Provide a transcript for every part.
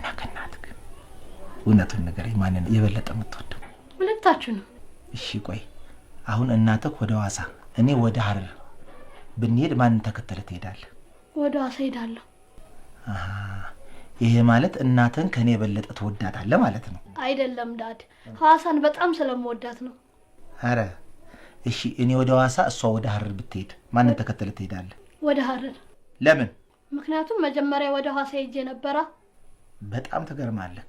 ከአባትና ከእናት ግን እውነቱን ንገረኝ፣ ማንን የበለጠ የምትወደው? ሁለታችሁ ነው። እሺ ቆይ አሁን እናትህ ወደ ዋሳ እኔ ወደ ሀረር ብንሄድ ማንን ተከተለ ትሄዳለህ? ወደ ዋሳ ሄዳለሁ። ይሄ ማለት እናትህን ከእኔ የበለጠ ትወዳታለህ ማለት ነው? አይደለም ዳድ፣ ሐዋሳን በጣም ስለምወዳት ነው። አረ እሺ፣ እኔ ወደ ዋሳ እሷ ወደ ሀረር ብትሄድ ማንን ተከተለ ትሄዳለህ? ወደ ሀረር። ለምን? ምክንያቱም መጀመሪያ ወደ ሐዋሳ ሄጄ ነበራ በጣም ትገርማለህ።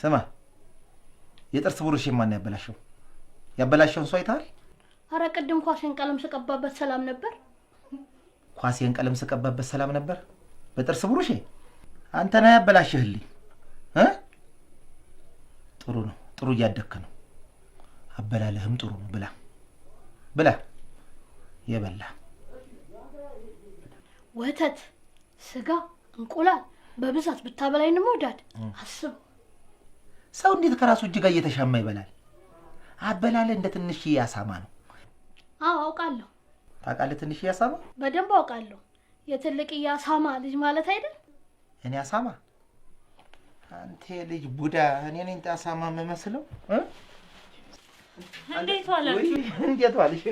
ስማ፣ የጥርስ ብሩሽን ማን ያበላሸው? ያበላሸውን ሰው አይተሃል? አረ ቅድም ኳሴን ቀለም ስቀባበት ሰላም ነበር። ኳሴን ቀለም ስቀባበት ሰላም ነበር? በጥርስ ብሩሽ አንተ ነህ ያበላሸህልኝ። ጥሩ ነው፣ ጥሩ እያደግክ ነው። አበላለህም ጥሩ ነው። ብላ ብላ፣ የበላ ወተት ስጋ እንቁላል በብዛት ብታበላይ እንመውዳድ አስብ። ሰው እንዴት ከራሱ እጅ ጋር እየተሻማ ይበላል? አበላለ እንደ ትንሽ አሳማ ነው። አዎ አውቃለሁ። ታውቃለህ? ትንሽ አሳማ በደንብ አውቃለሁ። የትልቅ አሳማ ልጅ ማለት አይደል? እኔ አሳማ? አንተ ልጅ ቡዳ፣ እኔ ነኝ አሳማ የምመስለው? እንዴት ዋለ? እንዴት ዋለሽ?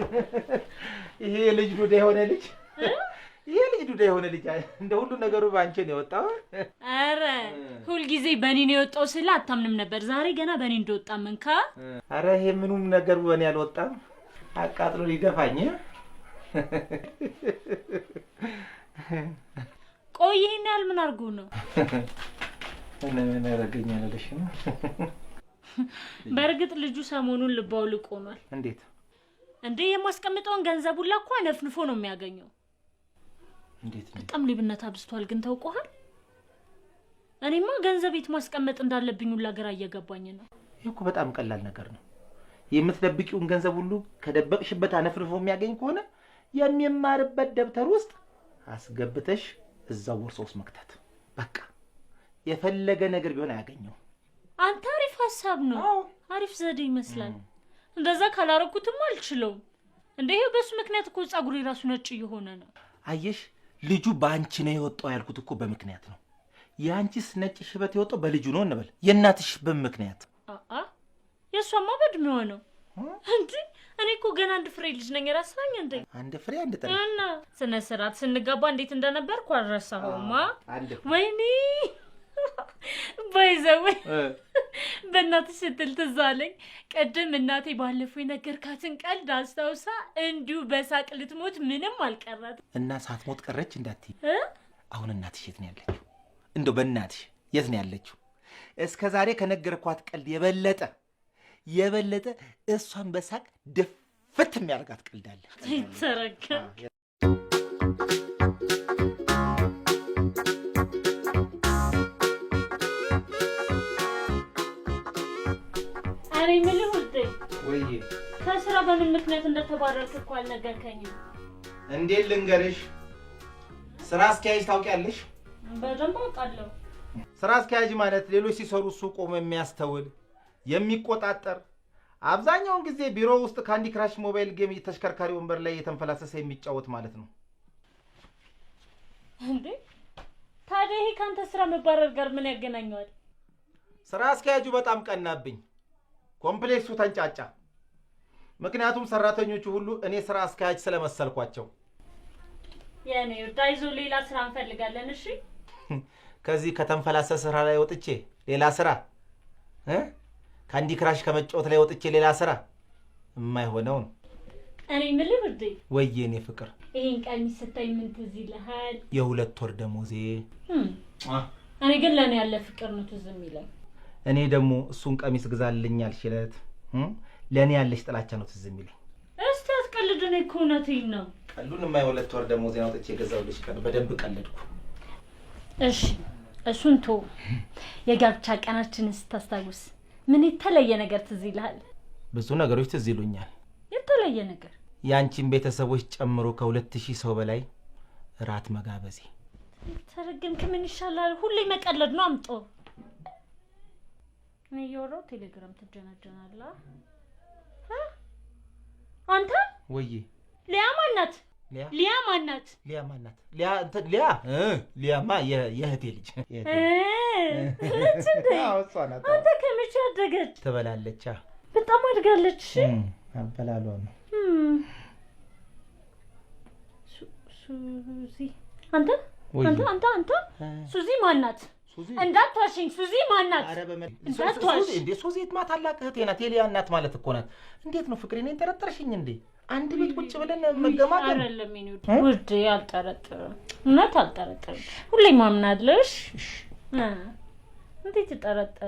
ይሄ ልጅ ቡዳ የሆነ ልጅ ይሄ ልጅ ዱዳ የሆነ ልጅ እንደ ሁሉ ነገሩ በአንቺ ነው የወጣው። አረ ሁልጊዜ በእኔ ነው የወጣው ስለ አታምንም ነበር። ዛሬ ገና በእኔ እንደወጣ ምንካ። አረ ይሄ ምኑም ነገር በእኔ አልወጣም። አቃጥሎ ሊደፋኝ። ቆይ ያህል ምን አድርጎ ነው? ምን ያደርገኛል አለሽ ነው። በእርግጥ ልጁ ሰሞኑን ልባው ልቆኗል። እንዴት እንዴ! የማስቀምጠውን ገንዘቡን ሁላ ነፍንፎ ነው የሚያገኘው እንዴት ነው? በጣም ሌብነት አብዝቷል። ግን ታውቀዋል። እኔማ ገንዘብ ቤት ማስቀመጥ እንዳለብኝ ሁሉ ሀገር እየገባኝ ነው። ይህ እኮ በጣም ቀላል ነገር ነው። የምትደብቂውን ገንዘብ ሁሉ ከደበቅሽበት አነፍርፎ የሚያገኝ ከሆነ የሚማርበት ደብተር ውስጥ አስገብተሽ እዛው ወርሶ ውስጥ መክተት። በቃ የፈለገ ነገር ቢሆን አያገኘው። አንተ አሪፍ ሀሳብ ነው። አሪፍ ዘዴ ይመስላል። እንደዛ ካላረኩትም አልችለውም። እንደ ይሄ በሱ ምክንያት እኮ ጸጉሬ ራሱ ነጭ እየሆነ ነው። አየሽ ልጁ በአንቺ ነው የወጣው ያልኩት እኮ በምክንያት ነው። የአንቺስ ነጭ ሽበት የወጣው በልጁ ነው እንበል። የእናትሽ በምክንያት የእሷማ በእድሜ ሆነው እንዲ እኔ እኮ ገና አንድ ፍሬ ልጅ ነኝ። የራስራኝ እንደ አንድ ፍሬ አንድ ጠ እና ስነ ስርዓት ስንጋባ እንዴት እንደነበርኩ አልረሳሁማ። ወይኔ ባይዘው eh. በእናትሽ ስትል ትዝ አለኝ። ቅድም እናቴ ባለፈው የነገርካትን ቀልድ አስታውሳ እንዲሁ በሳቅ ልትሞት ምንም አልቀራትም። እና ሳትሞት ቀረች እንዳትዪ። አሁን እናትሽ የት ነው ያለችው? እንደው በእናትሽ የት ነው ያለችው? እስከ ዛሬ ከነገርኳት ቀልድ የበለጠ የበለጠ እሷን በሳቅ ድፍት የሚያደርጋት ቀልድ አለ። ተረጋ ያለውንም ምክንያት እንደተባረርክ እኮ አልነገርከኝም። እንዴት ልንገርሽ? ስራ አስኪያጅ ታውቂያለሽ? በደንብ አውቃለሁ። ስራ አስኪያጅ ማለት ሌሎች ሲሰሩ እሱ ቆሞ የሚያስተውል የሚቆጣጠር፣ አብዛኛውን ጊዜ ቢሮ ውስጥ ካንዲ ክራሽ ሞባይል ጌም ተሽከርካሪ ወንበር ላይ የተንፈላሰሰ የሚጫወት ማለት ነው። እንዴ ታዲያ ይሄ ከአንተ ስራ መባረር ጋር ምን ያገናኘዋል? ስራ አስኪያጁ በጣም ቀናብኝ። ኮምፕሌክሱ ተንጫጫ። ምክንያቱም ሰራተኞቹ ሁሉ እኔ ስራ አስኪያጅ ስለመሰልኳቸው። የኔ ውድ አይዞህ፣ ሌላ ስራ እንፈልጋለን። እሺ፣ ከዚህ ከተንፈላሰ ስራ ላይ ወጥቼ ሌላ ስራ እ ከአንዲ ክራሽ ከመጫወት ላይ ወጥቼ ሌላ ስራ የማይሆነው ነው። እኔ የምልህ ብርዴ፣ ወይ የኔ ፍቅር፣ ይሄን ቀሚስ ስታይ ምን ትዝ ይልሃል? የሁለት ወር ደሞዜ። እኔ ግን ለእኔ ያለ ፍቅር ነው ትዝ የሚለኝ። እኔ ደግሞ እሱን ቀሚስ ግዛልኛል ሽለት ለእኔ ያለሽ ጥላቻ ነው ትዝ የሚለኝ። እስቲ አትቀልድን፣ እኮ እውነቴን ነው። ቀሉን ማ የሁለት ወር ደግሞ ዜና ወጥቼ የገዛሁልሽ ቀን በደንብ ቀለድኩ። እሺ እሱን ቶ የጋብቻ ቀናችንን ስታስታውስ ምን የተለየ ነገር ትዝ ይልሃል? ብዙ ነገሮች ትዝ ይሉኛል። የተለየ ነገር የአንቺን ቤተሰቦች ጨምሮ ከሁለት ሺህ ሰው በላይ እራት መጋበዜ። ተረገምክ፣ ምን ይሻላል? ሁሌ መቀለድ ነው። አምጦ ምን እያወራሁ ቴሌግራም ትጀናጀናላ። አንተ ወይ ሊያ ማናት? ሊያ ማናት? ሊያ ማናት? ሊያ እንትን ሊያ ሊያማ የእህቴ ልጅ አንተ ከመቼ አደገች? ትበላለች። በጣም አድጋለች። አበላሏ ነው። ሱዚ አንተ አንተ አንተ አንተ ሱዚ ማናት? እንዳትዋሽኝ ሱዚ ማናት? ሱዚ የትማ ታላቅ እህቴ ናት፣ የሊያ እናት ማለት እኮ ናት። እንዴት ነው ፍቅሬ እኔን ጠረጠርሽኝ እንዴ? አንድ ቤት ቁጭ ብለን መገማገል ውድ፣ አልጠረጥርም። እውነት አልጠረጥርም። ሁሌ ማምናለሽ። እንዴት ጠረጠ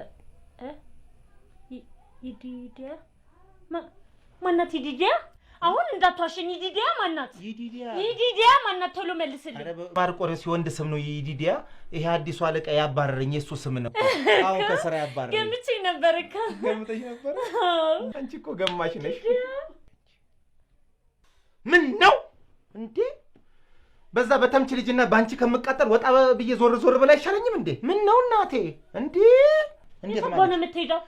ይዲዲያ ማናት? ይዲዲያ አሁን እንዳትዋሸኝ። ይዲዲያ ማናት? ይዲዲያ ማናት? ቶሎ መልስልኝ። ማርቆሬስ የወንድ ስም ነው ይዲዲያ። ይሄ አዲሱ አለቃ ያባረረኝ የእሱ ስም ነው። አሁን ከስራ ያባረረኝ። ገምቼ ነበር እኮ ገምተሽ ነበር። አንቺ እኮ ገማሽ ነሽ። ምን ነው እንዴ? በዛ በተምች ልጅና በአንቺ ከምቃጠል ወጣ ብዬ ዞር ዞር ብላ አይሻለኝም እንዴ? ምን ነው እናቴ? እንዴ እንዴት ነው የምትሄደው?